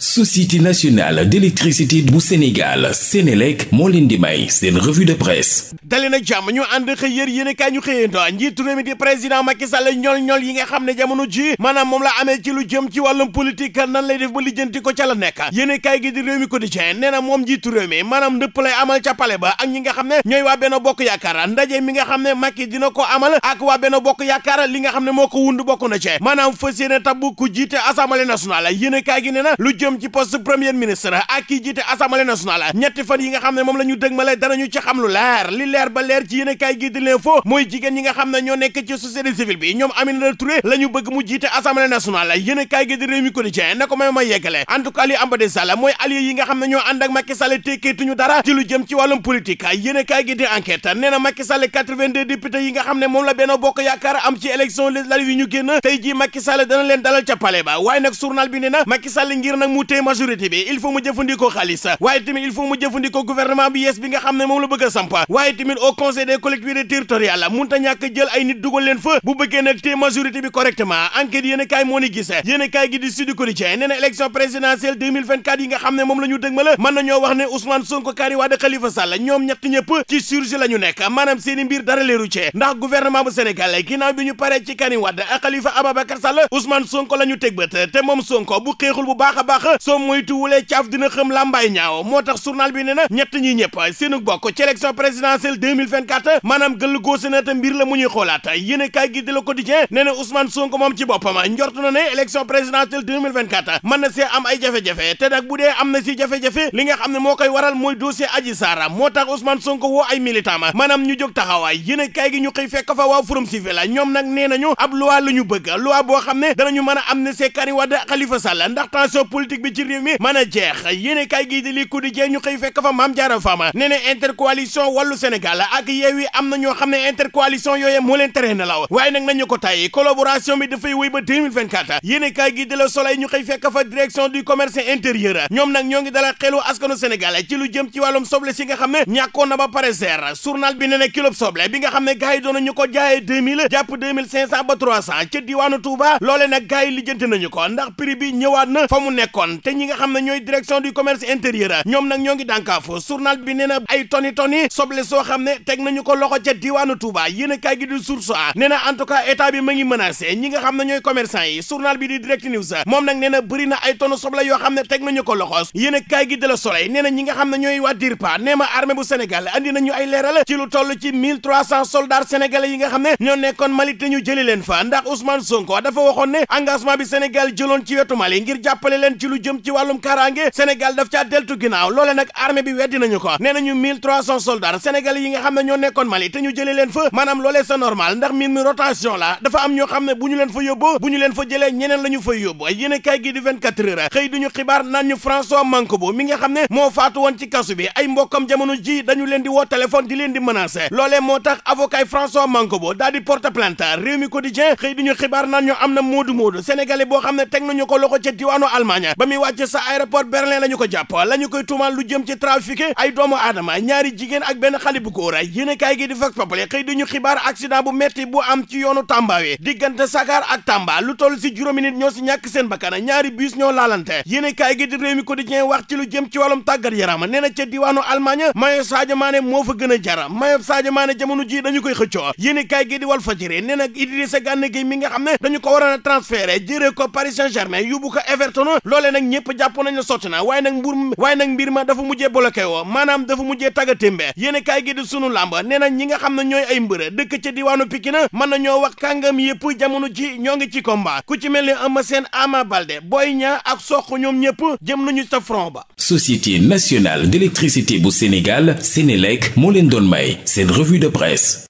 société nationale d'électricité bu Sénégal Sénélec moo leen di may seen revue de presse dali nag ñu ànd xëy yér yéen ñu xëyanto njiitu réew mi di président Macky Sall ñool yi nga xam ne jamono ji maanaam moom la amee ci lu jëm ci wàllum politique nan lay def ba lijjanti ko ca la nekk yéen kaay gi di réew mi quotidien nee na moom njiitu réew mi maanaam amal ca pale ba ak ñi xam ne ñooy waa Benno Bokk Yaakaar ndaje mi nga xam ne Macky dina ko amal ak waa li nga xam ne moo ko wund na ci maanaam jëm ci poste premier ministre ak kii jiite assemblée nationale ñetti fan yi nga xam ne moom la ñu dëgmale danañu ci xam li leer ba leer ci jigéen ñi nga xam ne ñoo nekk ci la ñu bëgg mu jiite assemblée nationale yéen kaay gi di Rewmi Quotidien na ko may ma yeggale en tout cas li am ba des sàll mooy allié yi nga xam ne ñoo ànd ak Macky Sall tekkeetuñu dara ci lu jëm ci wàllum politique yéen kaay gi di nga xam ne moom la Benno Bokk Yaakaar am ci ñu génn tey ji Macky Sall dana leen dalal ca palais waaye nag journal bi nee na Macky Sall ngir nag mu tee majorité bi il faut mu jëfandikoo xaalis waaye tamit il faut mu jëfandikoo bi yees bi nga xam ne moom la bëgg a samp waaye tamit au conseil des collectivités territoriales mun ta ñàkk jël ay nit dugal leen fa bu bëggee nag tee majorité bi correctement enquête yéen a kaay moo ni gis yéen a kaay gi di Sud Quotidien nee na élection présidentielle 2024 yi nga xam ne moom la ñu dëgmal mën nañoo wax ne Ousmane Sonko Karim Wade Khalifa Sall ñoom ñett ñëpp ci surge la ñu nekk i mbir dara leeru ci ndax gouvernement bu la ñu teg te moom Sonko bu xeexul bu baax a baax soo moytuwulee caaf dina xam làmbaay ñaaw moo tax journal bi nee ñett ñi ñëpp seenu bokk ci élection présidentielle 2024 maanaam gëll góose na te mbir la mu ñuy xoolaat yéene kaay gi di Le Quotidien nee na Ousmane Sonko moom ci boppam njort na ne élection présidentielle 2024 mën na see am ay jafe-jafe te nag bu am na si jafe li nga xam ne moo koy waral mooy dossier Adji Sarr moo tax Ousmane Sonko woo ay militant ma maanaam ñu a amnistie Karim Wade Khalifa Sall ndax tension politique bi ci réew mi mën a jeex yéen kay gii di li ñu xëy fekk fa Mame Diarra Fama nee na intercoalition wàllu Sénégal ak Yewwi am na ñoo xam ne intercoalition yooye moo leen tere na law waaye nag nañu ko tàyyi collaboration bi dafay wéy ba 2024 yéen kay gii di la Soleil ñu xëy fekk fa direction du commerce intérieur ñoom nag ñoo ngi dalal xelu askanu Sénégal ci lu jëm ci wàllum soble si nga xam ne ñàkkoon na ba pare seer journal bi nga xam ne gars yi doon ñu ko jaayee 2000 jàpp 2500 ba ko ndax prix bi ñëwaat na fa mu nekk kon te ñi nga xam na ñooy direction du commerce intérieur ñoom nag ñoo ngi dànkaafu journal bi nee na ay toni toni soble soo xam ne teg nañu ko loxo ca diwaanu Touba yéen a kaay gi di source a nee na en bi ma ngi ñi nga xam ne ñooy commerçant yi journal bi di direct news moom nag nee na bëri ay tonu soble yoo xam ne teg ko loxo yéen a kaay gi de la soleil nee na ñi nga xam ne ñooy waa DIRPA nee ma armée bu Sénégal andi nañu ay leeral ci lu toll ci 1300 soldats sénégalais yi nga xam ne ñoo nekkoon Mali te ñu leen fa ndax Ousmane Sonko waxoon ne engagement bi Sénégal jëloon ci wetu Mali ngir jàppale leen lu jëm ci wàllum kaaraange Sénégal daf caa deltu ginnaaw loole nag armée bi weddi nañu ko nee nañu 1300 soldats sénégalais yi nga xam na ñoo nekkoon Mali te ñu jëlee leen fa maanaam loolee c'est normal ndax mbir mi rotation la dafa am ñoo xam ne bu ñu leen fa yóbbu bu ñu leen fa jëlee ñeneen la ñu fa yóbbu yéene kaay gi di 24 heures xëy duñu xibaar naan ñu François Mancabou mi nga xam ne moo faatu woon ci kasu bi ay mbokkam jamono ji dañu leen di woo téléphone di leen di menacer loolee moo tax avocat François Mancabou daal di porte plainte réew mi quotidien xëy duñu xibaar naan ñu am na moodu moodu boo xam ne teg nañu ko loxo ca diwaanu ba muy wàcc sa aéroport Berlin la ñu ko jàpp la ñu koy tuumaal lu jëm ci trafiqué ay doomu aadama ñaari jigéen ak benn xale bu góor yéen kaay gi di Vox ñu xibaar accident bu metti bu am ci yoonu Tàmbawe diggante Sakaar ak Tamba lu toll si juróomi nit ñoo si ñàkk seen bakkan ñaari bus ñoo laalante yéen kaay gi di Rewmi lu jëm ci wàllum tàggat yaram nee na ca diwaanu Allemagne mayo Sadio Mané moo fa gën a jar mayo Sadio jamono ji dañu koy xëccoo yéen kaay gi di Walf Fadjri na Idrissa Gana Gueye mi nga xam ne ko waroon a transféré jëree ko Paris Saint-Germain yóbbu ko Everton loolee loolee nag ñëpp nañ la na waaye nag mbur waaye na mbir ma dafa mujjee bloqué woo maanaam dafa mujjee taggatémbe yéene kaay gi di sunu làmb nee na ñi nga xam ne ñooy ay mbër dëkk ca diwaanu Pikine man na ñoo wax kàngam yëpp jamono ji ñoo ngi ci combat ku ci mel ni seen Sène Ama Baldé Boy Niang ak Sokh ñoom ñëpp jëm nañu sa front ba Société nationale d'électricité bu Sénégal Sénélec moo leen doon may seen revue de presse